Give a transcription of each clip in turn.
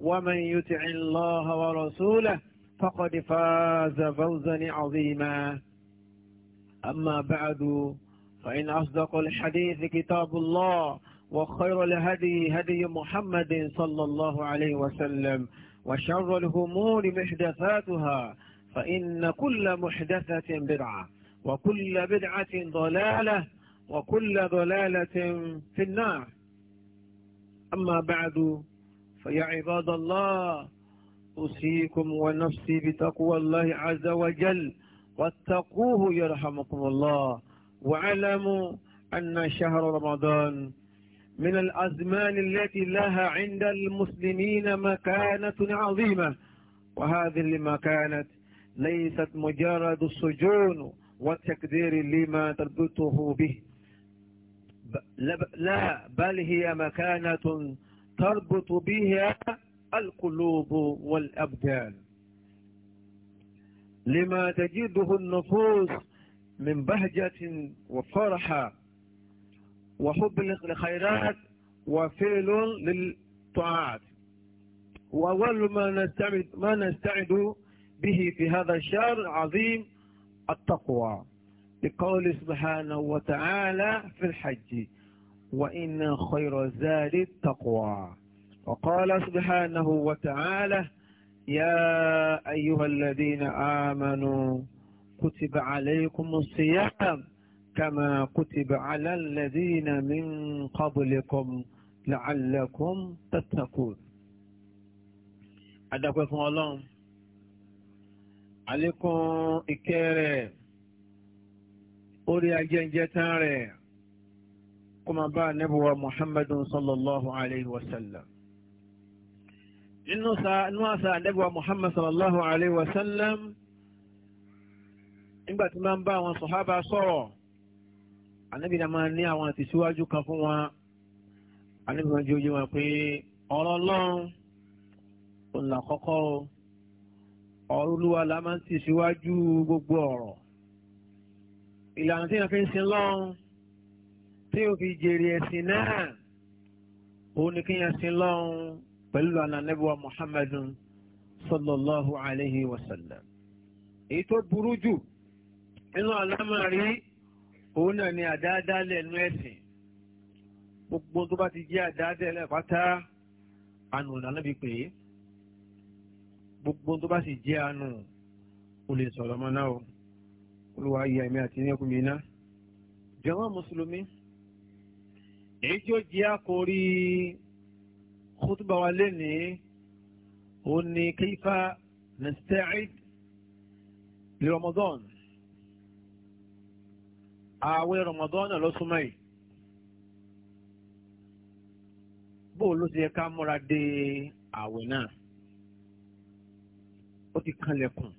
ومن يطع الله ورسوله فقد فاز فوزا عظيما أما بعد فإن أصدق الحديث كتاب الله وخير الهدي هدي محمد صلى الله عليه وسلم وشر الهمور محدثاتها فإن كل محدثة بدعة وكل بدعة ضلالة وكل ضلالة في النار أما بعد فيا عباد الله أوصيكم ونفسي بتقوى الله عز وجل واتقوه يرحمكم الله واعلموا أن شهر رمضان من الأزمان التي لها عند المسلمين مكانة عظيمة وهذه المكانة ليست مجرد السجون والتكدير لما تربطه به لا بل هي مكانة تربط بها القلوب والأبدان لما تجده النفوس من بهجة وفرحة وحب للخيرات وفعل للطاعات وأول ما نستعد, ما نستعد به في هذا الشهر العظيم التقوى لقول سبحانه وتعالى في الحج وإن خير زاد التقوى وقال سبحانه وتعالى يا أيها الذين آمنوا كتب عليكم الصيام كما كتب على الذين من قبلكم لعلكم تتقون adakwe الله عليكم إكرام أولي rẹ̀ orí kó máa bá nẹ́bùwà muhammadu sallallahu alayhi wa sallam inú àṣà nẹ́bùwà muhammadu sallallahu alayhi wa sallam nígbà tí máa ń bá àwọn sọ̀hábà sọ̀rọ̀ ànábì náà máa ní àwọn àtìsíwájú kan fún wa ànábì máa jẹ́ ojú wọn pé ọ̀rọ̀ ọlọ́run òun là kọ́kọ́ o la máa ń tìsíwájú gbogbo ọ̀rọ̀ ìlànà tí wọ́n fi sin lọ́run tí o fi jèrè ẹ̀sìn náà òun ni kíyàn sin lọ́hùn pẹ̀lú ànànẹ́bùwà muhammadun sallallahu alayhi wa sallam. èyí tó burú jù nínú àlámọ̀rí òun náà ni àdáadáalẹ̀ nú ẹ̀sìn gbogbo tó bá ti jẹ́ àdáadáalẹ̀ pátá ànú ìdánábi pé gbogbo tó bá sì jẹ́ ànú o lè sọ̀rọ̀ ọmọ náà o olùwà ayé àmì àti ní mi iná jẹ́wọ́n mùsùlùmí èyí tí ó jẹ́ àkórí kútùbà wa lénìí ó ní kayfa nasta'id li Ramadan ààwẹ̀ Ramadan náà lọ́sùnmọ́ yìí bóò ló ti yẹ ká múra dé ààwẹ̀ náà ó ti kanlẹ̀kùn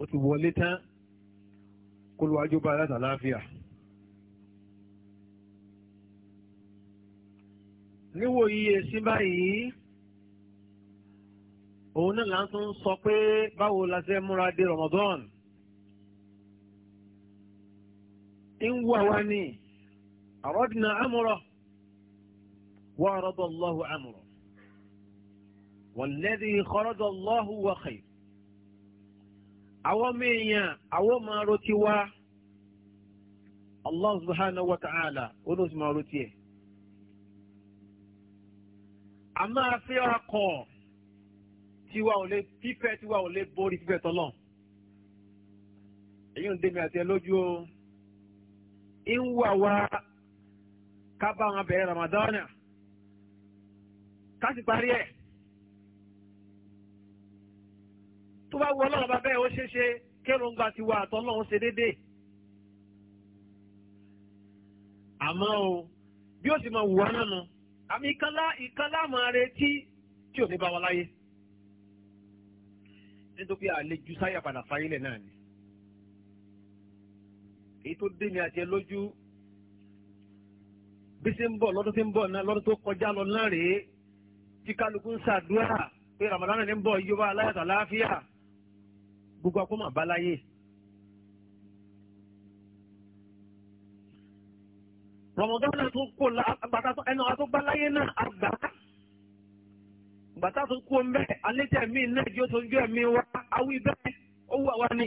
ó ti wọlé tán kó lu wájú aláta láàfíà. níwò iye sí báyìí òun náà là ń tún sọ pé báwo la ṣe múra de Ramadan ń wú àwa ni àròdìnà amúrọ wà àròdọ̀ Allahu amúrọ wàlẹ́dì kọ́rọ́dọ̀ Allahu wàkàì àwọn mẹ́yìn àwọn máa rotí wa Allah subhanahu wa ta'ala ó ló sì máa rotí a máa fẹ́ ọkàn tiwa ò lè fífẹ́ tiwa ò lè borí fífẹ́ tọ́lọ̀ èyí ń démi àti ẹ lójú o ń wà wá ká bá wọn bẹ̀rẹ̀ ramadana ká sì parí ẹ̀ tó bá wọ ọlọ́run bá bẹ́ẹ̀ ó ṣeé ṣe kéròǹgbà tiwa àtọ́lọ́run ṣe déédéé àmọ́ o bí ó sì máa wù wá náà nù àmì ìkànlá ìkànlá máa retí tí ò ní bá wa láyé nítorí àlejò sáyà padà fáyílẹ̀ náà ni èyí tó dé mi àti ẹ lójú bí ṣe ń bọ̀ lọ́dún tí ń bọ̀ náà lọ́dún tó kọjá lọ náà rèé tí kálukú ń ṣàdúrà pé Ramadan ní bọ̀ yóò bá aláyàtọ̀ láàfíà gbogbo akó mà bá láyé. rọmọdánà tó kó bàtà tó ẹnu àtó gbáláyé náà àgbà bàtà tó kó mbẹ alẹ́tẹ̀ mi náà jó tó jó ẹ̀mí wa awí bẹ́ẹ̀ ó wà wá ní.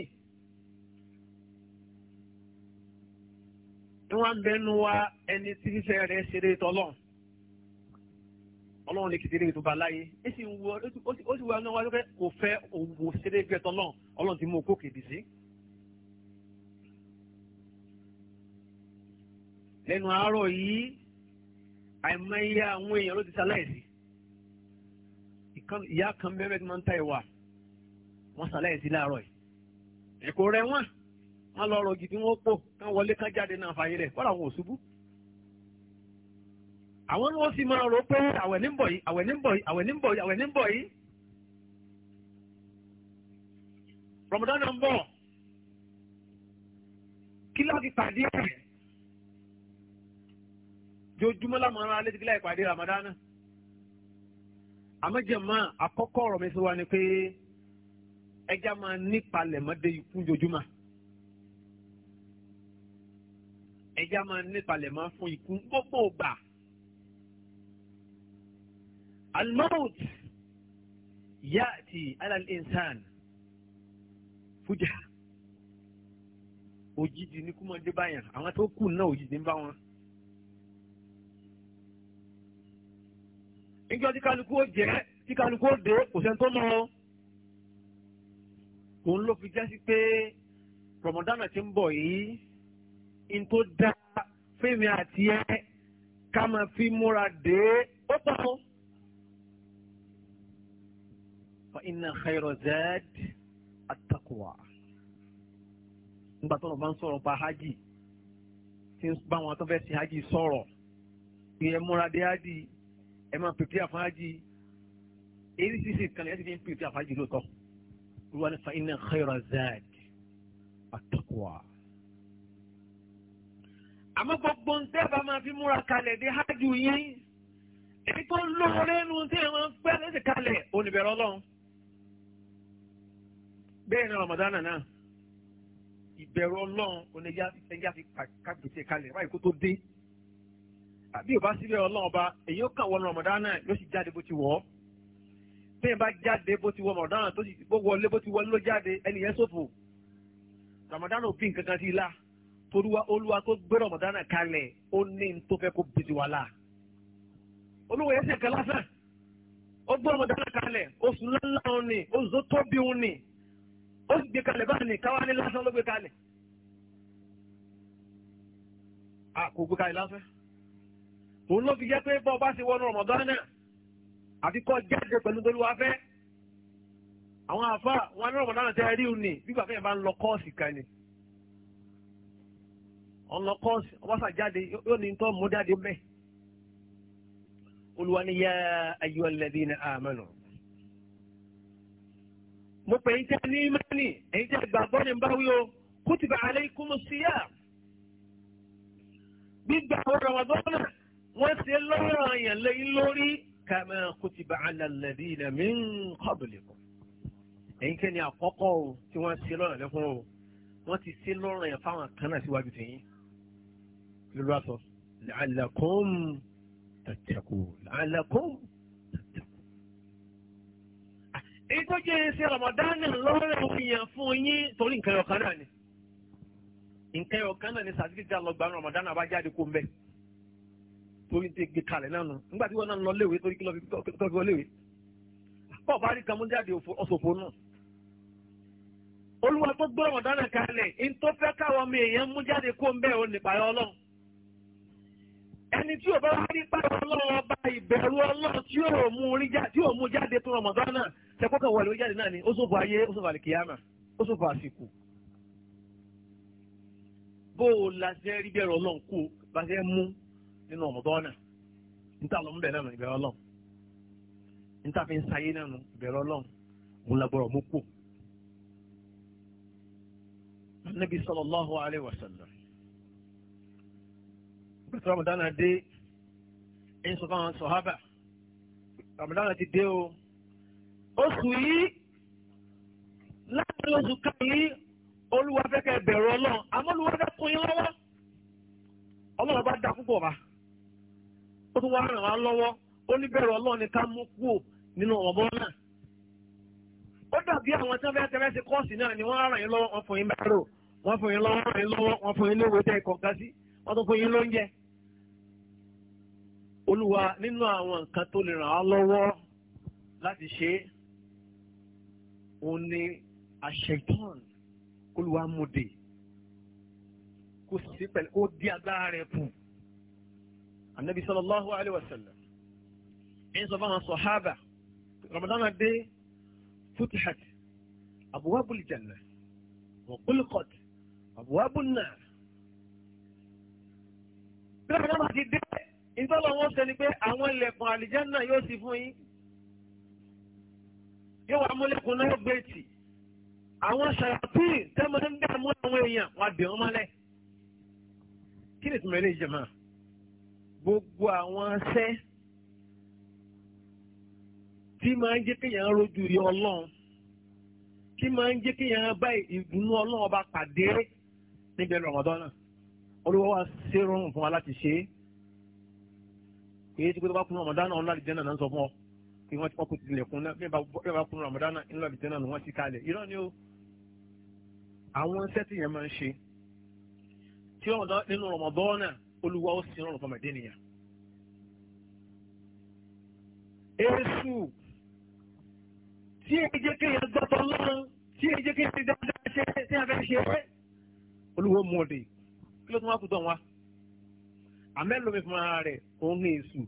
ìwọ̀n bẹnu wa ẹni tí fífẹ́ rẹ̀ ṣeré tọ́lọ́n ọlọ́run ní kìtìrì tó bá láyé ó sì wọ ó sì wọ ẹnu wa lókè kò fẹ́ òwò ṣeré gbẹtọ́lọ́n ọlọ́run ti mú okó kìdì sí. lẹ́nu àárọ̀ yìí àìmọye àwọn èèyàn ló ti ṣaláìsí ìyá kan bẹ́ẹ̀ bẹ́ẹ̀ máa ń ta ìwà wọ́n láàárọ̀ yìí ẹ̀kọ́ rẹ̀ wọ́n wọ́n lọ ọ̀rọ̀ gidi wọ́n pò kán wọlé kán jáde náà fàyè rẹ̀ kọ́ra àwọn òṣùbù àwọn ni wọ́n sì máa rò pé àwẹ̀ ní bọ̀ yìí àwẹ̀ ní bọ̀ yìí àwẹ̀ ní bọ̀ yìí jojúmọ́ làwọn ará alẹ́ ti gíláyà ìpàdé ramadana àmọ́jẹ̀mọ́ àkọ́kọ́ ọ̀rọ̀ mi sọ wa ni pé ẹja máa nípalẹ̀ mọ́dé ikú jojúmọ́ ẹja máa nípalẹ̀ mọ́ fún ikú gbogbo gbà almaut yaati alal insan fújà òjijì ni kú báyà àwọn tó kù náà òjijì ń bá wọn. níjọ́ tí kálukú ó jẹ́ tí kálukú ó dé kò sẹ́ni tó mọ̀ ọ́. òun ló fi jẹ́ sí pé rọmọdánà ti ń bọ̀ yìí n tó dá fíìmù àti ẹ ká máa fi múra dé ó tọ́ ọ. fa inna khayra nígbà tó lọ bá ń sọ̀rọ̀ pa hajj tí ń bá wọn tó fẹ́ ṣe hajj sọ̀rọ̀ ìyẹn múra dé hajj ẹ máa pèpè àfáàjì èyí sì sì kan ẹ sì fi ń pèpè àfáàjì lóòótọ́ olúwa ní fa iná khayra zaad àtàkùwà. àmọ́ gbogbo ń tẹ́ bá máa fi múra kalẹ̀ dé hájú yín èyí tó lóore nu tí ẹ máa ń fẹ́ lẹ́sẹ̀ kalẹ̀ oníbẹ̀rẹ̀ ọlọ́run bẹ́ẹ̀ ni Ramadan náà ìbẹ̀rù ọlọ́run oníjà fi kápẹ́tì kalẹ̀ báyìí kó tó dé àbí ò bá síbẹ̀ ọlọ́run ọba èyí ó kàn wọ Ramadan náà ló sì jáde bó ti wọ̀ ọ́ bẹ́ẹ̀ bá jáde bó ti wọ Ramadan tó sì wọlé bó ti wọlé ló jáde ẹnìyẹn ṣòfò Ramadan ò bí nǹkan kan sí i la toríwa olúwa tó gbé Ramadan náà kalẹ̀ ó ní n tó fẹ́ kó bìtì wà láà olúwa yẹn sẹ̀kẹ́ lásán ó gbé Ramadan náà kalẹ̀ oṣù ńláńlá òun ni oṣù tó bí òun ni ó sì gbé kalẹ̀ báyìí káwá ní lásán ló gbé kalẹ̀ à kò gbé kalẹ̀ lásán òun ló fi jẹ́ pé bọ́ bá ṣe wọnú Ramadan náà àfi kọ́ jáde pẹ̀lú tó lùwà fẹ́ àwọn àfa wọn ní Ramadan náà tẹ́ rí òun ni bí gbàgbé yẹn bá ń lọ kọ́ọ̀sì kan ni ọ̀n lọ kọ́ọ̀sì ọbaṣà jáde yóò ní tó mú jáde bẹ́ẹ̀ Olúwa ni yá ayyuhal ladhina amanu mo pè é jẹ́ ní mẹ́rin èyí jẹ́ gbàgbọ́ ní báwí o kutiba alaykumus siyam gbígbà wọ́n ṣe lọ́rọ̀ àyàn lẹ́yìn lórí kàmá kùtìbà alàlẹ́bí iná mi ń kọ́bìlìkọ̀. ẹ̀yin kẹ́ni àkọ́kọ́ o tí wọ́n ṣe lọ́rọ̀ yẹn fún o wọ́n ti ṣe lọ́rọ̀ yẹn fáwọn kan náà síwájú tẹ̀yìn. lórí aṣọ làálàkùn tàtẹ̀kù làálàkùn tàtẹ̀kù. èyí tó jẹ́ ṣe rọ̀mọ̀dánì lọ́rọ̀ ìyàn fún yín torí nǹkan ọ̀kan náà ni nǹkan ọ̀kan náà ni sàdídì torí ti gbé kalẹ̀ náà nù nígbà tí wọ́n náà lọ léwe torí kí lọ́ọ́ fi wọ́n léwe bọ́ọ̀ bá rí kamú jáde ọ̀sọ̀fọ̀ náà olúwa tó gbọ́ ọ̀rọ̀ dáná kalẹ̀ ní tó fẹ́ káwọn ọmọ èèyàn mú jáde kó ń bẹ́ẹ̀ ò ní pààyà ọlọ́run ẹni tí ò bá wá ní pààyà ọlọ́run ọba ìbẹ̀rù ọlọ́run tí ò mú jáde tó Ramadan náà tẹ́kọ́ ni ó ṣòfò ayé ó ṣòfò àlìkìyàmà ó ṣòfò àsìkò bó o la ṣe rí bẹ́ẹ̀rù ọlọ́run kú bá ṣe mú nínú ọ̀mọ̀dọ́ níta lọ ń bẹ̀rẹ̀ náà ìbẹ̀rẹ̀ ọlọ́run níta fi ń sayé náà ìbẹ̀rẹ̀ ọlọ́run òun lágbọ́rọ̀ mú ramadana dé o oṣù yìí oṣù olúwa fẹ́ kẹ́ ọlọ́run àmọ́ olúwa fẹ́ kún yín lọ́wọ́ ó tún wá ràn wá lọ́wọ́ ó ní bẹ̀rù ọlọ́run ni ká mú kúò nínú ọ̀bọ náà ó dàbí àwọn tí wọ́n fẹ́ náà ni wọ́n á ràn yín lọ́wọ́ wọ́n fún yín bẹ́rù fún yín lọ́wọ́ ràn yín lọ́wọ́ fún yín sí tún fún yín lóúnjẹ. nínú àwọn nǹkan tó lè ràn á lọ́wọ́ láti النبي صلى الله عليه وسلم ẹ̀yin sọ صحابة sọ̀hábà ramadan dé futihat abuwabul janna wa kulqat abuwabul nar. bí ramadan bá ti dé ìtọ́lọ̀ wọn sọ ni pé àwọn ilẹ̀kùn àlìjánà yóò sì fún yín yóò wá múlẹ̀kùn náà gbé tì àwọn ṣàyàtì tẹ́mọ̀ ń dààmú àwọn èèyàn wà dé wọn mọ́lẹ̀ kí ni ìtumọ̀ eléyìí jẹ́ máa gbogbo àwọn ṣẹ́ tí máa ń jẹ́ kéèyàn rojú rí ọlọ́run tí máa ń jẹ́ kéèyàn bá ìdùnnú ọlọ́run ọba pàdé níbi Ramadan náà olúwa wa ṣe rọrùn fún wa láti ṣe é èyí tí pé tó bá kún Ramadan náà ńlá àdìjẹ́ náà náà ń sọ fún ọ kí wọ́n ti kọ́kọ́ tilẹ̀ kún náà bí wọ́n bá kún Ramadan náà ńlá àdìjẹ́ náà ni wọ́n ti kalẹ̀ irọ́ ni o àwọn iṣẹ́ tí yẹn máa ń ṣe tí nínú Ramadan náà olúwa ó sin ọ̀rùn fọmọdé nìyẹn. Èṣù tí èyí jẹ́ kéèyàn gbọ́tọ̀ lọ́rùn tí èyí jẹ́ kéèyàn dáadáa ṣe tí a fẹ́ ṣe é olúwo mú ọdẹ kí ló tún wá kú tán wá àmọ́ ẹlòmí fún ara rẹ̀ òun ní èṣù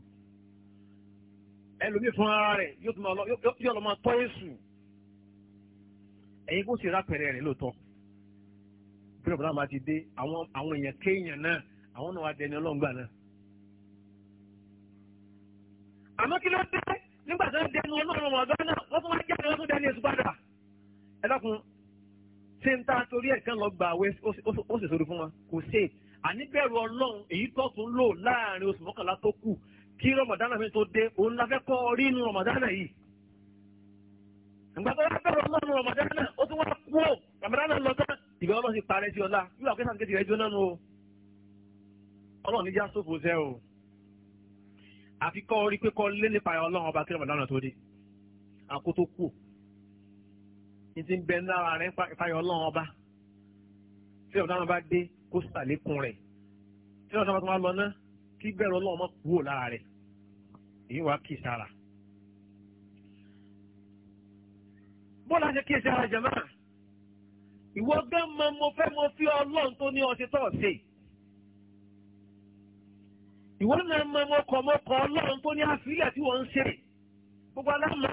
ẹlòmí fún ara rẹ̀ yóò tún yóò lọ máa tọ́ èṣù ẹ̀yin kó sì rápẹ̀rẹ̀ rẹ̀ lóòótọ́ bí ọ̀bùnà máa ti dé àwọn èèyàn kéèyàn náà àwọn náà wá dẹni ọlọ́ngbà náà. àmọ́ kí ló dé nígbà tó ń dẹni ọlọ́run ọ̀dọ́ náà wọ́n tún wá jáde wọ́n tún dẹni èso padà. ẹ dákun ṣé ń ta torí ẹ̀ kán lọ gbà wẹ́ ó sì sórí fún wa kò ṣe àníbẹ̀rù ọlọ́run èyí tó tún lò láàrin oṣù mọ́kànlá tó kù kí rọmọdánà mi tó dé òun la fẹ́ kọ́ rí inú rọmọdánà yìí ìgbàgbọ́ wa bẹ̀rù ọlọ́run rọmọdánà ó tún wá kú ò rọmọdánà lọ tán ìgbà ọlọ́run ti parẹ́ sí ọlá yóò wá pé sàǹkẹ́tì ọlọ́run níjà sófo sẹ́ o àfi kọ́ orí pé kọ́ lé nípa ọlọ́run ọba kí Ramadan tó dé àkótó kù ní ti ń bẹ lára rẹ̀ fáyọ ọlọ́run ọba tí Ramadan bá dé kó sàlékún rẹ̀ tí Ramadan bá tó wá lọ ná kí bẹ̀rù ọlọ́run má kúrò lára rẹ̀ èyí wàá kì í sára. bọ́lá ṣe kíyèsí ara jẹ̀mọ́ ìwọ gán mọ mo fẹ́ mo fi ọlọ́run tó ní ọtí tọ̀ ṣe ìwọ náà mọ mọ́kọ mọ́kọ ọlọ́run tó ní àfílẹ̀ tí wọ́n ń ṣe gbogbo aláàmọ́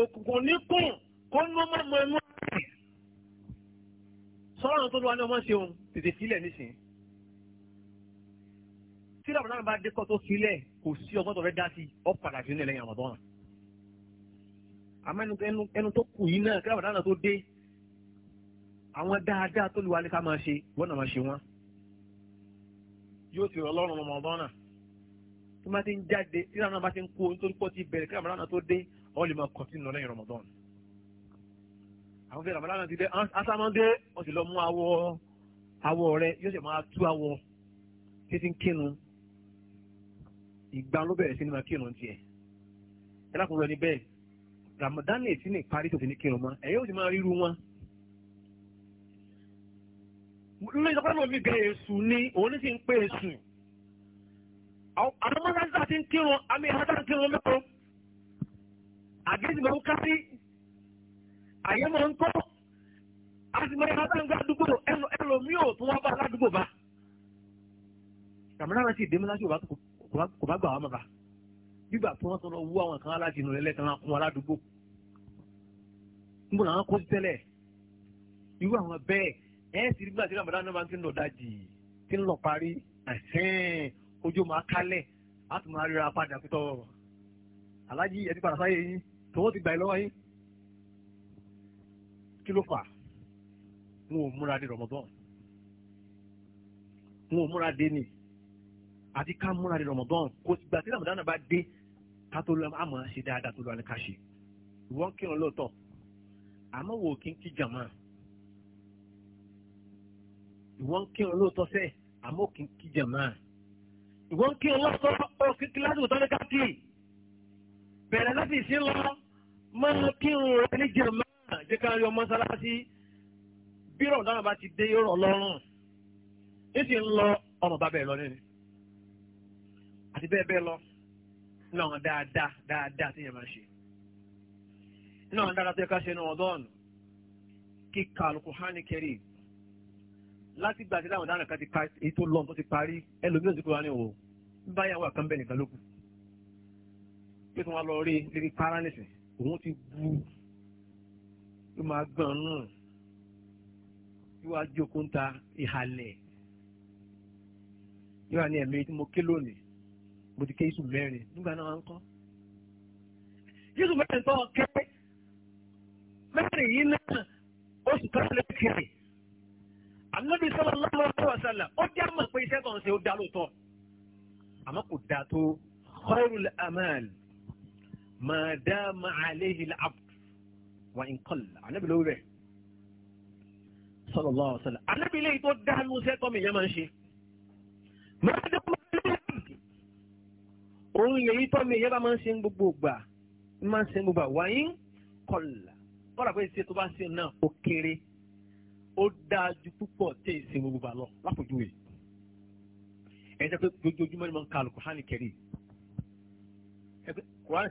òkùnkùn níkùn kó ní wọ́n mọ̀ ẹnu rẹ̀ sọ́run tó lọ wá ní ọmọ ṣeun tètè sílẹ̀ nísìn tí ìdàbọ̀ náà bá dé kọ́ tó sílẹ̀ kò sí ọgbọ́n tó fẹ́ dá sí ọ́ padà sí nílẹ̀ yàrá bọ́ọ̀nà àmọ́ ẹnu tó kù yìí náà kí ìdàbọ̀ náà tó dé àwọn dáadáa tó lè wálé ká máa ṣe wọ́n náà máa ṣe wọ́n. yóò ti rọlọ́run Ramadan náà tí wọ́n ti ń jáde tí wọ́n bá ti ń kó nítorí pọ́ ti bẹ̀rẹ̀ kí Ramadan náà tó dé wọ́n lè máa kọ̀tínú lẹ́yìn Ramadan. àwọn Ramadan ti dé asámọ́dé wọ́n ti awọ awọ rẹ yóò máa tú awọ títí kínu ìgbà ló bẹ̀rẹ̀ sí ni máa tiẹ̀ ẹ lákùnrin bẹ́ẹ̀ Ramadan ti ní tó ti ní mọ́ ẹ̀yẹ́ ti máa ríru nínú ìsọpẹ́ náà mi gan èṣù ni òun ní sì ń pè èṣù àwọn mọ́sáàsì ti ń kírun àmì ìhátà ti ń kírun mẹ́kọ̀ọ́ àgẹ́sì máa ń ká sí àyè máa ń kọ́ àti máa ń hátà ń gbá àdúgbò ẹnu ẹlòmíì ò tún wá bá aládùúgbò bá kàmínà náà sì dé mọ́sáàsì kò bá gbà wá mọ́ bá nígbà tí wọ́n sọ̀rọ̀ wú àwọn kan alájìnnú lẹ́lẹ́kan kún aládùúgbò níbo làwọn kó sí tẹ́lẹ̀ irú àwọn bẹ́ẹ̀ ẹ̀ sì rí gbà tí ramadan náà máa ti ń lọ dájì tí ń lọ parí ojú máa kálẹ̀ á tún máa ríra padà pé tọ́ alájí ẹ ti padà sáyé yín tòun ti gbà ẹ lọ́wọ́ yín kí ló fà n ò múra de ramadan n ò múra de ni àti ká múra de ramadan kò sì gbà tí ramadan náà bá dé ká tó lọ àmọ́ ṣe dáadáa tó lọ ní ká ṣe ìwọ́n kírun lóòótọ́ àmọ́ wò kí n kí jàmáà ìwọ́n ń kírun lóòótọ́ fẹ́ àmọ́ kì í kí jàmá ìwọ́n ń kírun lọ́sọ̀ ọ̀kí kíláàsì òótọ́ ní káàkì bẹ̀rẹ̀ láti ìsín lọ máa kírun rẹ ní jàmá jẹ́ ká yọ mọ́sálásí bí rọ̀ dáhùn bá ti dé yóò rọ̀ lọ́rùn ní ti ń lọ ọ̀rùn bá bẹ́ẹ̀ lọ nínú àti bẹ́ẹ̀ bẹ́ẹ̀ lọ nínú àwọn dáadáa dáadáa tí yẹn máa ṣe nínú àwọn dáadáa tó yẹ ká ṣe ní ọ̀dọ́ọ̀nù kíkà Al-Qur'ani Karim láti gbàtí láwọn ọ̀daràn kan ti pa èyí tó lọ́n tó ti parí ẹlòmíràn ti kúrò ní òwò báyàwó àkànbẹ̀ nìkan ló kù pé kí wọ́n lọ rí lérí para nìsín òun ti bu ló máa gbọ̀n nù yóò wá jókòó ń ta ìhàlẹ̀ yóò wá ní ẹ̀mí tí mo ké lónìí mo ti ké yíṣù mẹ́rin nígbà náà wọ́n ń kọ́ yíṣù mẹ́rin tó kẹ́ mẹ́rin yìí náà oṣù kan lè kéré anabi sallallahu alaihi wa sallam ó jẹ́ àmọ̀ pé iṣẹ́ tó ń ṣe ó dá lóòótọ́ àmọ́ kò dá tó khairul amal ma dama alayhi al-abd wa in qalla anabi ló rẹ̀ sallallahu alaihi wa sallam anabi lẹ́yìn tó dá ló ṣe tọ́ mi yẹn máa ń ṣe ma dama alayhi al-abd òun lèyí tọ́ mi yẹn bá máa ń ṣe gbogbo gbà máa ń ṣe gbogbo gbà wa in qalla kọ́ra pé iṣẹ́ tó bá ṣe náà ó kéré. ó dáa ju púpọ̀ tẹ́ gbogbo bá lọ lápòjúwe ẹ̀ jẹ́ pé gbogboojúmọ́ ni mo ń ka alukuhani kẹrì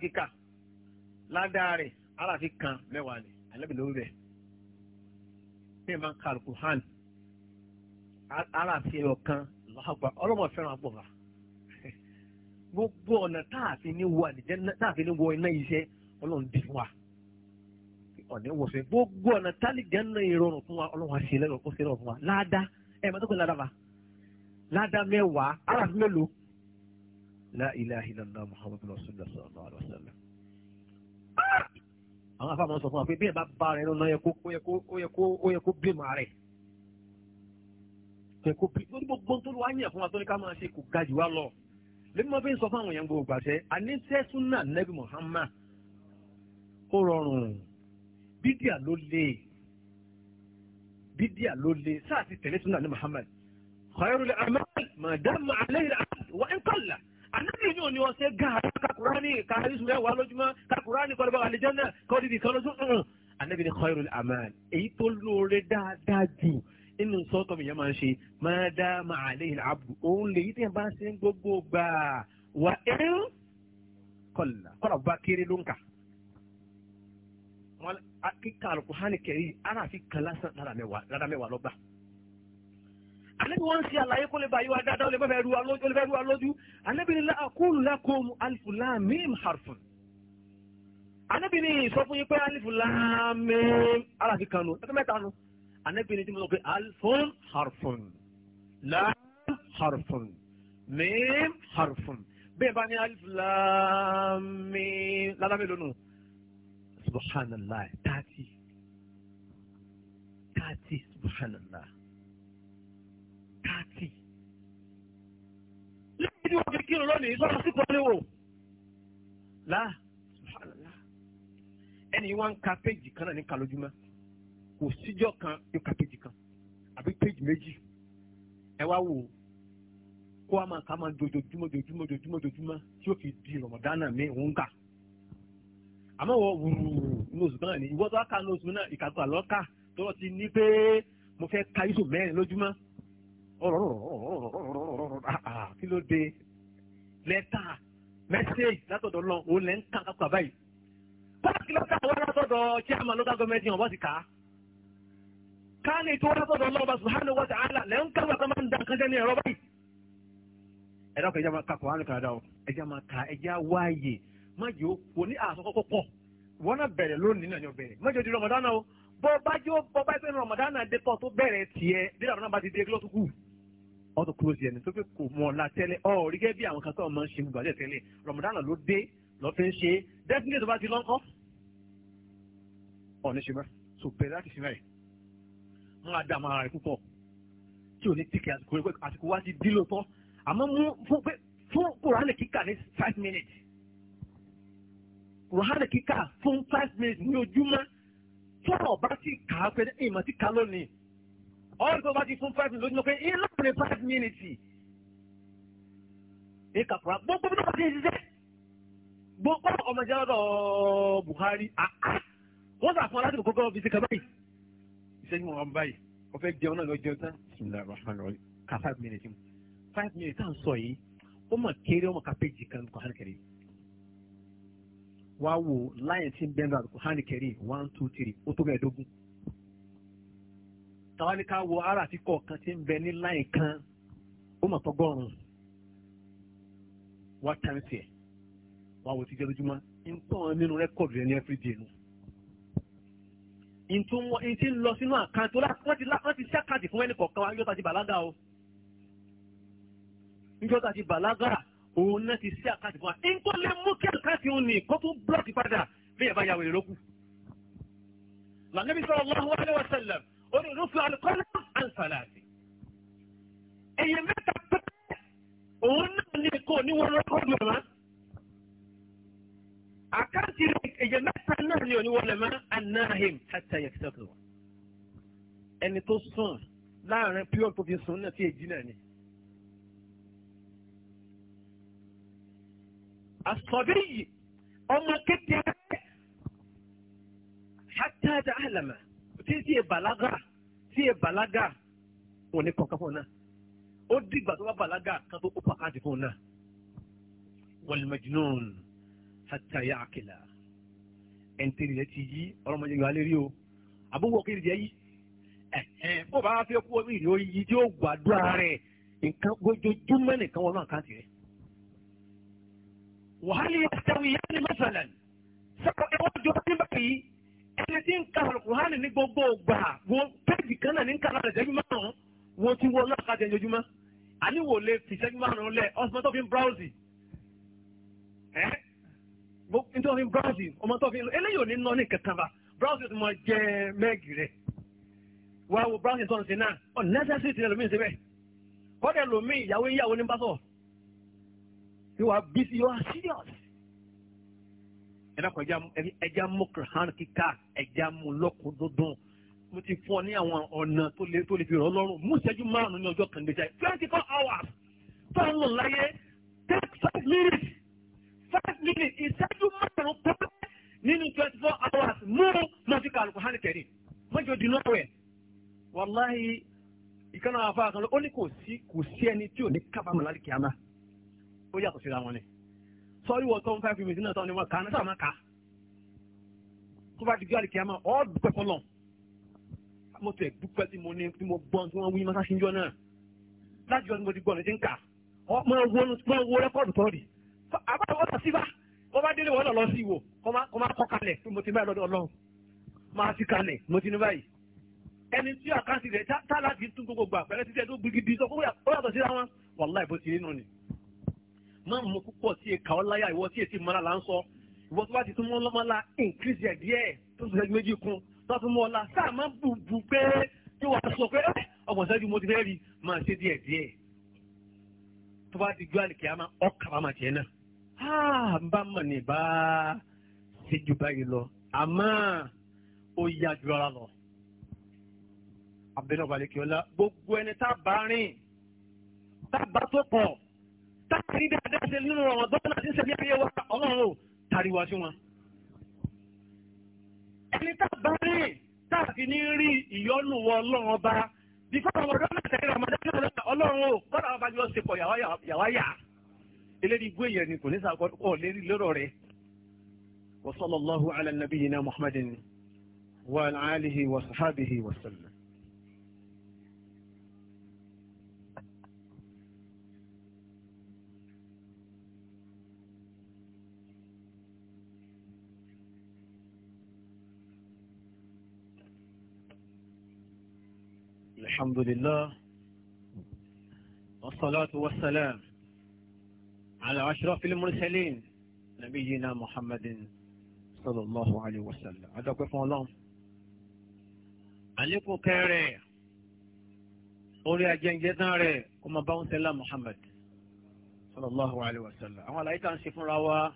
kíkà kan mẹ́wàá ni alẹ́bi lórí rẹ̀ bẹ́ẹ̀ máa ń ka kan lọ́hàgbà ọlọ́mọ fẹ́ràn àgbọ̀nà gbogbo ọ̀nà táàfin wọ ọ̀nà ìwọ̀sẹ̀ gbogbo ọ̀nà tálíjà ń náà ìrọ̀rùn fún wa ọlọ́run àṣẹ lẹ́rọ̀ kó ṣe rọ̀ fún wa láàdá ẹ̀ mọ́tò kò ládàá bá láàdá mẹ́wàá ara fún mélòó la ilaha illallah muhammadu rasulillah sallallahu alaihi wa sallam. àwọn afáàmọ́ sọ fún wa pé bí ẹ bá bá rẹ lọ́nà ó yẹ kó bí màá rẹ̀ kẹ kó bí gbogbo tó wá yàn fún wa tó ní ká máa ṣe kò ga jù wá lọ lẹ́nu máa fi ń sọ fún àwọn yẹn gbogbo àṣẹ àníṣẹ́ súnà nẹ́bí muhammad ó rọrùn. bídíà ló lé bídíà ló lé sáà ti tẹ̀lé súnà ní Muhammad khairul amal ma dama alayhi al-abd wa in qalla anabi ni òní ọsẹ gà ka kurani ka hadisu rẹ wà lójúmọ́ ka kurani kọlọbọ alijanna kọ didi kan lójú ọhún anabi ni khairul amal èyí tó lóore dáadáa jù inú sọ́tọ̀ mi yẹn máa ń ṣe ma dama alayhi al-abd òun lè yí tẹ̀ bá ṣe ń gbogbo gbà wa in qalla kọlọ bá kéré ló ń kà. kíkà alukuhani kẹrin aráàfin kan lásán lára mẹ́wàá lọ́gbà. Ànábì wọ́n ń ṣe àlàyé kó lè bá yíwa dáadáa ó bẹ́ẹ̀ rúwa lójú ó bẹ́ẹ̀ rúwa lójú Ànábì ní aqulu lakum alifu harfun. Ànábì ní sọ fún pé alifu lam kan nù ẹgbẹ́ mẹ́ta nù Ànábì ní tí pé alifun harfun lam harfun mim harfun bẹ́ẹ̀ bá ní alifu lam mim subhanallah thirty thirty subhanallah thirty. lẹ́yìn tí wọ́n fi kírun lónìí lọ́wọ́ sí kọ́léwò láà subhanallah ẹni wọ́n ń ka péjì kan náà ní kalójúmọ́ kò síjọ́ kan yóò ka péjì kan àbí péjì méjì ẹ wá wò ó kó a máa ka máa dojoojúmọ́ dojoojúmọ́ dojoojúmọ́ tí ó fi di rọ̀mọ̀dánà mi òun kà àmọ́ wọ wùrù ní oṣù tán ní ìwọ́n tó wá ká ní oṣù náà ìkàtó àlọ́kà tó ti ní pé mo fẹ́ ka yíṣù mẹ́rin lójúmọ́ kí ló dé lẹ́tà mẹ́sẹ̀gì látọ̀dọ̀ lọ òun lẹ́ ń kà kápá báyìí pàtàkì lọ́tà wọ́n látọ̀dọ̀ chairman local government yẹn ọ̀bọ̀ ti kà á káàní tó wọ́n látọ̀dọ̀ lọ́ba subhanahu wa ta'ala lẹ́ ń kápá tó máa ń da nǹkan jẹ́ ní ẹ̀rọ báyìí ẹ̀rọ kẹjá máa kakọ̀ wá ní kàdá o ẹjá máa ka ẹjá mọ̀jì ó kò ní àṣọ kọ́kọ́ pọ̀ wọn náà bẹ̀rẹ̀ lónìí náà ni ó bẹ̀rẹ̀ mọ̀jì di rọmọdánà o bọ́ bá jó bọ́ bá ìpínlẹ̀ rọmọdánà dé kọ́ tó bẹ̀rẹ̀ tiẹ̀ bí rọmọdánà bá ti dé lọ́tún kù wọ́n tó kúrò sí ẹni tó fi kò mọ̀ ọ̀la tẹ́lẹ̀ ọ̀ rí gẹ́gẹ́ bí àwọn kan tó máa ń ṣe gbogbo àjẹ́ tẹ́lẹ̀ rọmọdánà ló dé lọ́fẹ́ ń ṣe dẹ́sílẹ̀ tó bá ti lọ́kọ́ ọ̀ ní ṣe mẹ́ so bẹ̀rẹ̀ láti ṣe mẹ́ máa dá máa rẹ̀ púpọ̀ tí ò ní tìkẹ̀ àsìkò wá ti dí lóòótọ́ àmọ́ fún kùránì kíkà ní five minutes kùránì kíkà fún five minutes ní ojúmọ́ tó ọba ti kà á pé ìmọ̀ ti kà lónìí ọ̀rọ̀ tó bá ti fún five minutes lójúmọ́ pé iná pè five minutes ìkà kùránì gbogbo bí wọ́n bá ti ṣiṣẹ́ gbogbo ọmọ ìjà lọ́dọ̀ Buhari wọ́n sà fún aláṣẹ kókó ọ̀bì ti kà báyìí ìṣẹ́yìn wọn báyìí wọ́n fẹ́ jẹun náà lọ jẹun tán bisimilayi rahman rahim ka five minutes five minutes tá à ń sọ yìí ó mọ̀ kéré ó mọ̀ ká péjì kan kọ́ hàn kéré yìí. wá wò láyé tí ń bẹ́ẹ̀ Kùránì Kẹ́rímù one two three ó tó mẹ́ẹ̀ẹ́dógún tàwa ní ká wo ara tí kọ̀ọ̀kan ti ń bẹ ní láyé kan ó mọ̀ tọ́gọ́rùn-ún wá tàǹtì ẹ̀ wá wò ti jẹ́ lójúmọ́ ọ nínú rẹ́kọ̀dù rẹ ní everyday nù ìtí ń lọ sínú àkáǹtì wọ́n ti ṣe àkáǹtì fún ẹnì kọ̀ọ̀kan wa ń jọ́ta ti bàlágà o ń jọ́ta ti bàlágà òun náà ti sí àkáǹtì fún wa ń tó lé mú kí àkáǹtì òun ní kó tún búlọ́ọ̀kì padà bí ẹ̀ bá yà wèrè lókù. lànàbí sallallahu alaihi wasallam ó ní olófin alukọ́lá àǹfààní. ẹ̀yẹ mẹ́ta pẹ́ẹ́ òun náà ní kó níwọ̀n rẹ́kọ̀dù mọ́. àkáǹtì ẹ̀yẹ mẹ́ta náà ní oníwọ̀n lẹ́mọ́ anáhìm hatta yẹtẹ́kọ̀. ẹni tó sùn láàrin pure tó fi sùn náà ti èjì náà ni. àsọ̀bí yìí ọmọ kékeré hátàdà àlàmà tí tí ì bàlágà tí ì bàlágà wọn ní kọ̀ọ̀kan fún un náà ó dìgbà tó bá bàlágà kan tó kó pàkàtì fún un náà wal majnun hátà yà àkìlà ẹ̀ǹtẹ̀rì rẹ ti yí ọlọ́mọdé yóò alẹ́ rí o àbúrò kiri jẹ́ yí ẹ̀ẹ́n bó bá fi kú omi ìrìn oyin tí ó gbàdúrà rẹ̀ nǹkan gbójoojúmọ́ nìkan wọn náà kàn tiẹ̀ wàhálì yàtàwìyàn mẹ́sàlẹ̀ sọ ẹwọ́jọ nígbà yìí ẹni tí ń ka alukùránì ní gbogbo ògbà wo péjì kan náà ní kàlá rẹ̀ jẹ́jú márùn-ún wo ti wo ọlọ́ọ̀ka jẹ́ jojúmọ́ àní wò lè fi jẹ́jú márùn-ún lẹ̀ ọmọ tó fi ń bráùsì ẹ́ nítorí wọ́n fi ń bráùsì ọmọ tó fi ń lọ eléyìí ò ní lọ ní kẹta bá bráùsì tó mọ jẹ mẹ́gì rẹ̀ wá wo bráùsì tó ń sin náà ọ̀ nẹ́sẹ̀sì ti ẹlòmíì síbẹ̀ kọ́dẹ̀ lòmíì ìyàwó ìyàwó ní bá sọ̀rọ̀ you are busy you are serious. ẹ dákọ̀ ẹja mú kìrìhán kíkà ẹja mú lọ́kùn dúndún mo ti fún ọ ní àwọn ọ̀nà tó lè tó lè fi rọ̀ lọ́rùn mú márùn ní ọjọ́ kan twenty four hours tó ń lò take five minutes five minutes ìṣẹ́jú márùn-ún pẹ́ nínú twenty four hours mú mọ́síkà alukóhánì kẹ́rin mọ́jọ́ di lọ́wọ́ ẹ̀ wàláhì ìkànnà àfa àkànlọ́ ó ní kò sí kò sí ẹni tí ò ní kábàámọ̀ lálẹ́ kìámà ó yàtọ̀ síra wọn ni sọ́rí wọ́n tọ́n five minutes náà tọ́n ni wọ́n kà á náà máa kà á tó bá di gbé àlìkè àmọ́ ọ́ dúpẹ́ fọlọ́ mo tẹ̀ dúpẹ́ tí mo ní tí mo gbọ́n tí wọ́n wí máa ṣíjọ́ náà láti jọ ni mo ti gbọ́n ní ti ń kà máa wo rẹ́kọ́ọ̀dù tọ́ọ̀dì àbáwọ̀ tà síbà wọ́n bá délé wọ́n lọ lọ sí ìwò kọ́ máa kọ́ kalẹ̀ pé mo ti báyìí lọ́dọ̀ ọlọ́run máa ti kalẹ̀ mo ti ní báyìí ẹni tí àkáǹtì rẹ̀ tá láti tún gbogbo gbà pẹ̀lẹ́ títí ẹ̀ tó gbigidi sọ pé ó yàtọ̀ síra wọn wàláì bó ti rí nù ni má mú púpọ̀ tí èka ọ́ láyà ìwọ tí èsì mọ́ra là ń sọ ìwọ tó bá ti tún mọ́ ọlọ́mọ́lá increase ẹ̀ díẹ̀ tó ti sẹ́jú méjì kún tó tún mọ́ ọlá sáà má bùbù pé kí wàá sọ pé eh, ọgbọ̀n sẹ́jú mo ti fẹ́ rí máa ṣe díẹ̀ díẹ̀ tó bá ti gbé àlìkè àmà ọkà bá máa tiẹ̀ náà háà bá mọ̀ ní bá ṣe jù báyìí lọ àmọ́ ó yá ju ara lọ abẹ́nú ọ̀bàlẹ̀kẹ́ ọlá gbogbo ẹni tá a bá rìn tá a bá tó pọ̀ táàkì ní dáadáa ṣe nínú ọ̀rọ̀ dọ́kítà tí ń ṣe ní ayé wa ọlọ́run ò tàríwá sí wọn. ẹni tá a bá rí táàkì ní rí ìyọ́nù wọ ọlọ́run ọba bí fáwọn ọmọdé náà tẹ̀lé ọmọdé náà ọlọ́run ò kọ́ra ọba jọ ṣe pọ̀ yàwáyà eléyìí gbé yẹn ni kò ní sàkọ́ lérí lọ́rọ̀ rẹ̀. wa sallallahu wa sallam. الحمد لله والصلاة والسلام على أشرف المرسلين نبينا محمد صلى الله عليه وسلم هذا كيف الله عليكم كاري أولي أجنجتنا ري كما باون سلام محمد صلى الله عليه وسلم أولا إيتا نسيف روا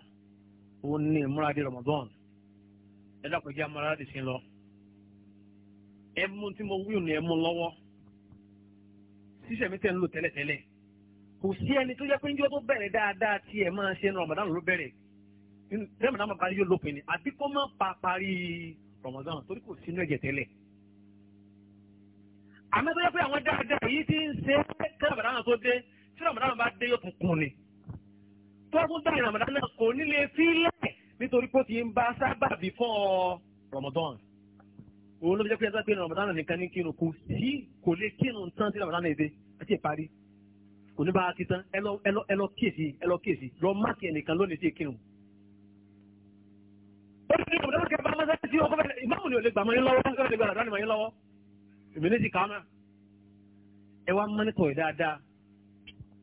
وني مرادي رمضان إذا كنت جاء مرادي سين له ẹmu tí mo wí ní ẹmu lọ́wọ́ tíṣẹ̀ mi tẹ̀ ń lò tẹ́lẹ̀tẹ́lẹ̀ kò sí ẹni tó yẹ pé njọ́ tó bẹ̀rẹ̀ dáadáa tí ẹ̀ máa ṣe ní Ramadan ló bẹ̀rẹ̀ Ramadan bá yóò lópin ni àbí kó má pa parí Ramadan torí kò sínú ẹ̀jẹ̀ tẹ́lẹ̀ àmọ́ tó yẹ pé àwọn dáadáa yìí ti ń ṣe kí Ramadan tó dé tí Ramadan bá dé yóò tún kún ni tó tún dá Ramadan náà kò nílé fílẹ̀ nítorí pé ó ti ń bá sábàbí fún Ramadan òun ló fi jẹ́ pé ẹgbẹ́ pé Ramadan nìkan ní kírun kò sí kò lè kírun tán sí Ramadan èdè àti ìparí kò ní bá a ti tán ẹ lọ kíyèsí ẹ lọ kíyèsí lọ máàkì ẹnìkan lónìí sí kírun. ó ti ní Ramadan kẹfà máa ń sáré sí ọkọ bẹ́ẹ̀ ìmáàmù ni ò lè gbà mọ́ yín lọ́wọ́ ó lè gbà Ramadan mọ́ lọ́wọ́ ìmìnìtì kàánà ẹ wá mọ́nítọ̀ ẹ̀ dáadáa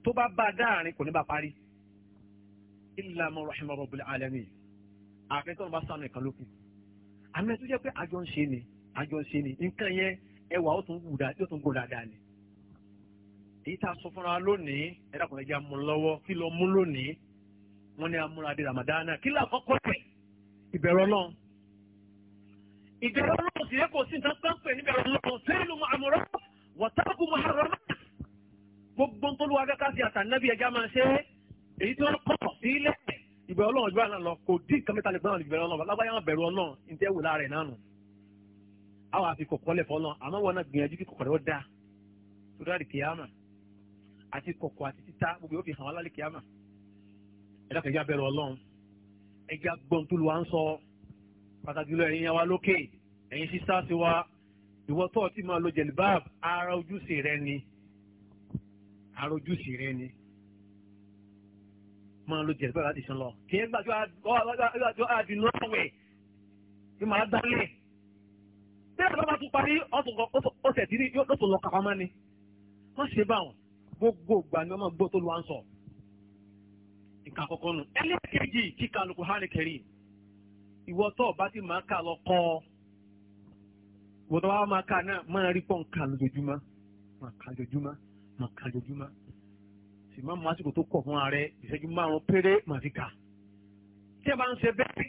tó bá bá dáàrin kò ní bá parí illa man rahima rabbil alamin àfẹ́tọ́ bá sànù ìkànlókù àmì ẹ̀ tó jẹ́ pé àjọ ń ṣe ni àjọṣe ni nǹkan yẹn ẹwà ó tún gbò dáadáa ni. èyí tá a sọ fúnra lónìí ẹ dàpọ̀ ẹja mú lọ́wọ́ kí lọ mú lónìí wọ́n ní amúradì ramadana kí lákọ́kọ́ tẹ̀ ìbẹ̀rù ọlọ́run. ìbẹ̀rù ọlọ́run sì yẹ kó sí nǹkan pẹ́ níbẹ̀rù ọlọ́run sẹ́yìn ló mọ àmúrọ́ wọ́táàkù mọ àrọ́mọ́. gbogbo tó lu akẹ́kọ̀ọ́ sí àtànẹ́bí ẹja máa ṣe èyí tó ń kọ̀ sílẹ̀ ìbẹ̀rù ọlọ́run ìbẹ̀rù ọlọ́run kò dín ìkàmẹ́ta lè gbọ́n àwọn àfi kọ̀kọ́lẹ̀ fọlọ́ àmọ́ wọn náà gbìyànjú kí kọ̀kọ́lẹ̀ ó dáa tó dáàdì kìyàmà àti kọ̀kọ̀ àti títa gbogbo yóò fi hàn wá lálẹ́ kìyàmà ẹ̀dá kẹjá bẹ̀rù ọlọ́run ẹja gbọ́n tó lu wa ń sọ pàtàkì jùlọ ẹ̀yin wa lókè ẹ̀yin sísá sí wa ìwọ tó ti máa lo jẹ̀lìbáàb ara ojúṣe rẹ ni ara ojúṣe rẹ ni máa lo jẹ̀lìbáàb láti sàn lọ kì í gbàgbọ́ àdìnnú àwẹ̀ kí máa dálé. bẹ́ẹ̀ lọ́ba tún parí ọ̀sẹ̀ tí yóò tún lọ kàpá máa ni má ṣe bá wọn gbogbo ìgbà ni wọ́n máa gbọ́ tó lu àǹsọ̀ nǹkan àkọ́kọ́ nù ẹlẹ́kẹ̀jì kíkà lóko hánì kẹrì ìwọ ti máa kà lọ kọ́ ìwọ tó máa kà náà máa rí pọ̀ nǹkan lójoojúmọ́ máa kà lójoojúmọ́ máa kà lójoojúmọ́ sì máa tó kọ̀ fún ààrẹ ìṣẹ́jú márùn-ún péré máa fi kà tí ẹ bá ń ṣe bẹ́ẹ̀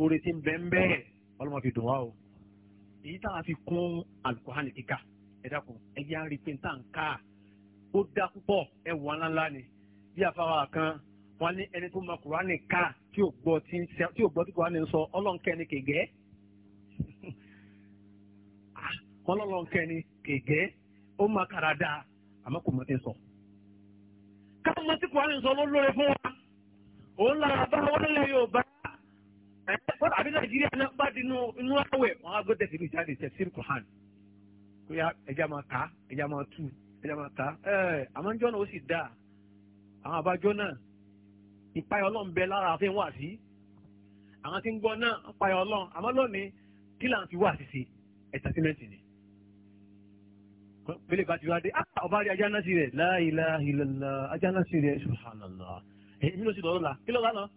oore tí ń bẹ ń bẹ ọlọ́mọ fi dùn wá o èyí tá a fi kún alukuhani kíkà ẹ dákun ẹ jẹ́ àárín pé tá à ń ká ó dá púpọ̀ ẹ wọ aláǹlá ni bí afáwa kan wọn ní ẹni tó mọ kùránì ká tí ò gbọ́ tí kùránì ń sọ ọlọ́nkẹ́ni kègẹ́ ah, ọlọ́lọ́nkẹ́ni kègẹ́ ó máa kára dáa àmọ́ kò mọ̀ tí ń sọ. ká mọ̀ tí kùránì ń sọ ló lóore fún wa òun lára bá wọlé Yorùbá kódà àbí nàìjíríà náà bá di inú àwẹ̀ wọn á gbọ́dọ̀ tẹ̀sí jáde tẹ̀sí kùhán kó yá ẹja máa ká ẹja máa tú ẹja máa ká ẹ àmọ́ jọ́nà ó sì dáa àwọn àbájọ́ náà ìpayọ̀ ọlọ́run bẹ lára àfihàn wà sí àwọn tí ń gbọ́ náà ń payọ̀ ọlọ́run àmọ́ lónìí kí là ń fi wà síse ẹ̀tàtímẹ́ǹtì ni. pélé bá ti wá dé ah, ọba rí ajá náà sí rẹ̀ la ilaha illallah ajá náà sí rẹ̀ subhanallah èmi ló sì lọ́ọ́ la kí lọ́ọ́ lánàá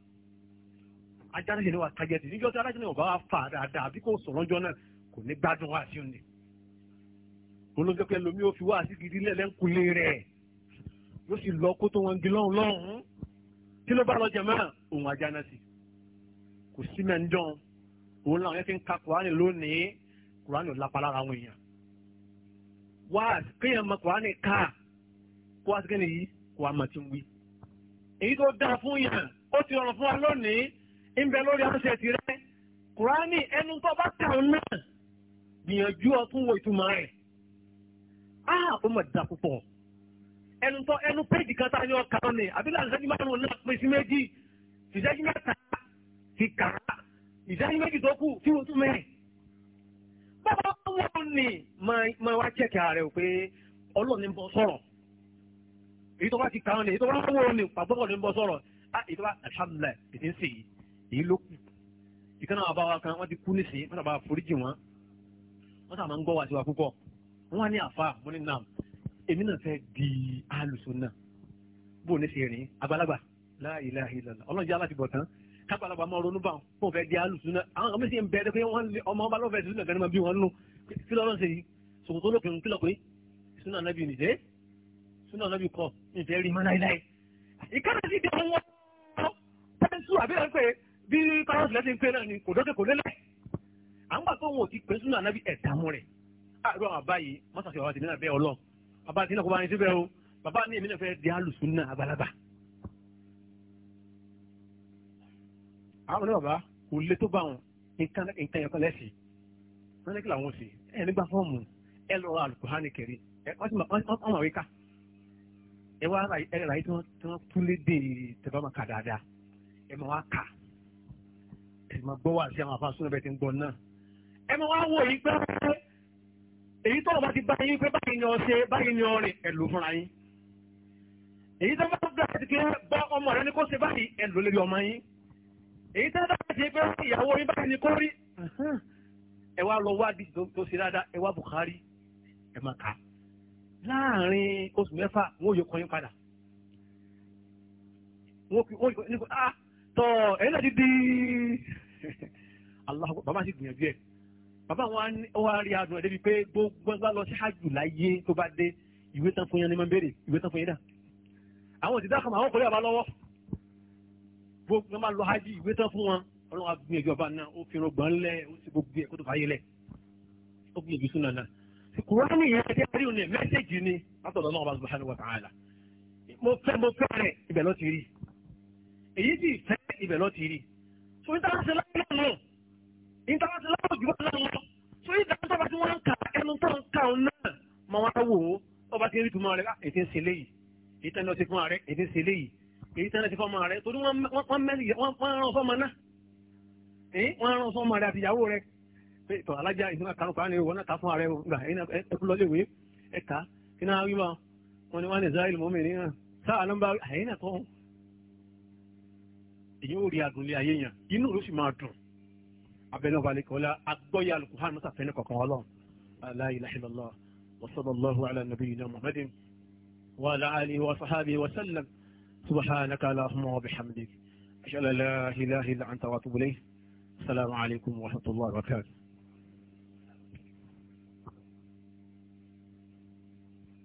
ajáde ṣe ni wà tájẹ́tì níjọ́ tí aláṣẹ náà bá wà fà dáadáa àbí kò sọ̀rọ̀ ọjọ́ náà kò ní gbádùn wá sí òní. olóńjẹ́ lomi ó fi wá sí gidi lẹ́lẹ́kùnlé rẹ̀ yóò sì lọ kó tó wọn gbin lọ́hùn lọ́hùn kí ló bá lọ jẹ̀mọ́ òun ajá náà sí. kò sí mẹ́ńdán òun làwọn yẹn fi ń ka kùránì lónìí kùránì ò lápá lára àwọn èèyàn. wá kéèyàn mọ kùránì ká kó wá sí kéèyàn yìí kó wá mọ tí ń wí. èyí tó dáa fún yàn ó ti rọrùn fún wa lónìí ń bẹ lórí àṣẹ ti rẹ kùránì ẹnu tó bá kà ń náà gbìyànjú ọtún wo ìtumọ̀ rẹ̀ á ó mọ̀ dídá púpọ̀ ẹnu tó ẹnu péjì kan tá a ní ọkà wọn ni àbí láti sẹ́jú márùn-ún náà pín sí méjì ìṣẹ́jú mẹ́ta ti kà á ìṣẹ́jú méjì tó kù tí wọ́n tún mẹ́rin. bàbá wọn ni máa wá chẹ́kì ara rẹ̀ pé ọlọ́ọ̀ni ń bọ̀ sọ̀rọ̀ èyí tó bá ti kà wọn èyí tó bá wọ́n ni pàbọ́kọ̀ ah èyí tó bá alhamdulilayi èyí èyí ló kù ìkànnà àwọn bàbá wa kan wọ́n ti kú nísìnyí wọ́n sábà foríjì wọn wọ́n sábà ń gbọ́ wa sí wa púpọ̀ wọ́n wá ní àfa mo ní nàm èmi náà fẹ́ di alùsùn náà bó o ní ṣe rìn àgbàlagbà la ilaha illallah ọlọ́run jẹ́ aláti bọ̀ tán kápálagbà máa ronú bá wọn fún òfẹ́ di alùsùn náà àwọn ọmọ ìsìn bẹ̀rẹ̀ pé wọ́n lé ọmọ ọba lọ́fẹ̀ẹ́ sínú ẹ̀gbẹ́ni máa bí wọn nù kí lọ́rọ́ ṣe yìí sòkòtò olókùnrin kí lọ́kùnrin sínú ànábì nìjẹ́ sínú ànábì kọ́ nìjẹ́ rí mọ́ láíláí ìkànnì bí káyọ̀sì lẹ́sìn pé náà ni kò dókè kò lélẹ̀ à ń gbà pé òun ò ti pè sínú ànábì ẹ̀dá mú rẹ̀ àrùn àwọn àbáyé mọ́sàsì bàbá tèmi náà bẹ́ẹ̀ ọlọ́ bàbá tèmi náà kó bá ní síbẹ̀ o bàbá ní èmi náà fẹ́ di alùsùn náà àgbàlagbà. àwọn ní bàbá kò lé tó bá wọn nǹkan ẹ̀kan lẹ́sìn wọ́n ní kí làwọn sì ẹ̀ nígbà fọ́ọ̀mù ẹ lọ alùpùpù kẹrì wọ́n mọ̀ wíká ẹ wá ẹ̀rẹ̀ ráyé tí wọ́n tún lé dè tẹ̀bá máa kà dáadáa ẹ máa wá kà ẹ máa gbọ́ wá sí àwọn afásúnà bẹ́ẹ̀ ti ń gbọ́ náà. ẹ máa wá wò yí pé èyí tọ́lọ̀ bá ti bá yín pé báyìí ni ọ ṣe báyìí ni ọ rìn ẹ lò fúnra yín. èyí tó bá gbà ti ké bá ọmọ rẹ ní kó ṣe báyìí ẹ lò lórí ọmọ yín. èyí tó bá ti pé ìyàwó yín báyìí ni kó rí. ẹ wá lọ wádìí tó ṣe dáadáa ẹ wá Bukhari ẹ máa kà á. oṣù mẹ́fà wọ́n yóò kọ́ yín padà wọ́n fi wọ́n yìí nípa ah tọ́ ẹ̀yìn náà ti di aláwọ bàbá sì gbìyànjú ẹ bàbá wọn wá rí adùn ẹ débi pé gbogbo ẹgbẹ́ lọ sí hajj láyé tó bá dé ìwé tán fún yẹn ni mo ń béèrè ìwé tán fún yẹn dà àwọn òtítà kan àwọn kòlẹ́ àbá lọ́wọ́ gbogbo máa lọ hajj ìwé tán fún wọn ọlọ́run á gbìyànjú ọba náà ó fi rọgbọ̀n lẹ̀ ó sì gbogbo ẹ̀ kó tó fàyè lẹ̀ ó gbìyànjú sún náà náà kùránì yẹn ẹ̀dẹ́ àríwò ni mẹ́sẹ̀gì ni látọ̀dọ̀ náà ọba subhanahu wa ta'ala mo fẹ́ mo fẹ́ rẹ̀ ibẹ̀ lọ ti rí èyí so nítorí ti láyé lọ́nà nítorí ti láyé òjú lọ́nà so nítorí tó bá ti wọ́n ń kà ẹnu tó ń kà ọ́ náà mọ wá wò ó ọba ti rí ìtumọ̀ rẹ̀ ètí ń ṣe léyìí èyí tẹ́ni ọtí fún ààrẹ ètí ń ṣe léyìí èyí tẹ́ni ọtí fún ààrẹ torí wọ́n mẹ́lì wọ́n rán fọ́mọ náà wọ́n rán fọ́mọ rẹ̀ àtìyàwó rẹ̀ pé tọ́ alájà ìdúrà kanú kan ní ìwọ náà ta fún ààrẹ gbà ẹkú lọ léwé ẹ̀ka kí náà wíwá wọn ni wọn ní israel mọ́mìnira sáà nọ́mbà àyínà kan èyí ó rí agùnlé ayé yẹn inú ló sì máa dùn abẹ́lẹ́ ọba àlekọ́ la agbọ́yé alukóhánù sàfẹ́ni kọ̀ọ̀kan wọn lọ la ilaha illallah wa sallallahu ala nabiyyina muhammadin wa ala alihi wa sahbihi wa sallam subhanaka allahumma wa bihamdik ashhadu an la anta wa atubu ilayk wa rahmatullahi wa barakatuh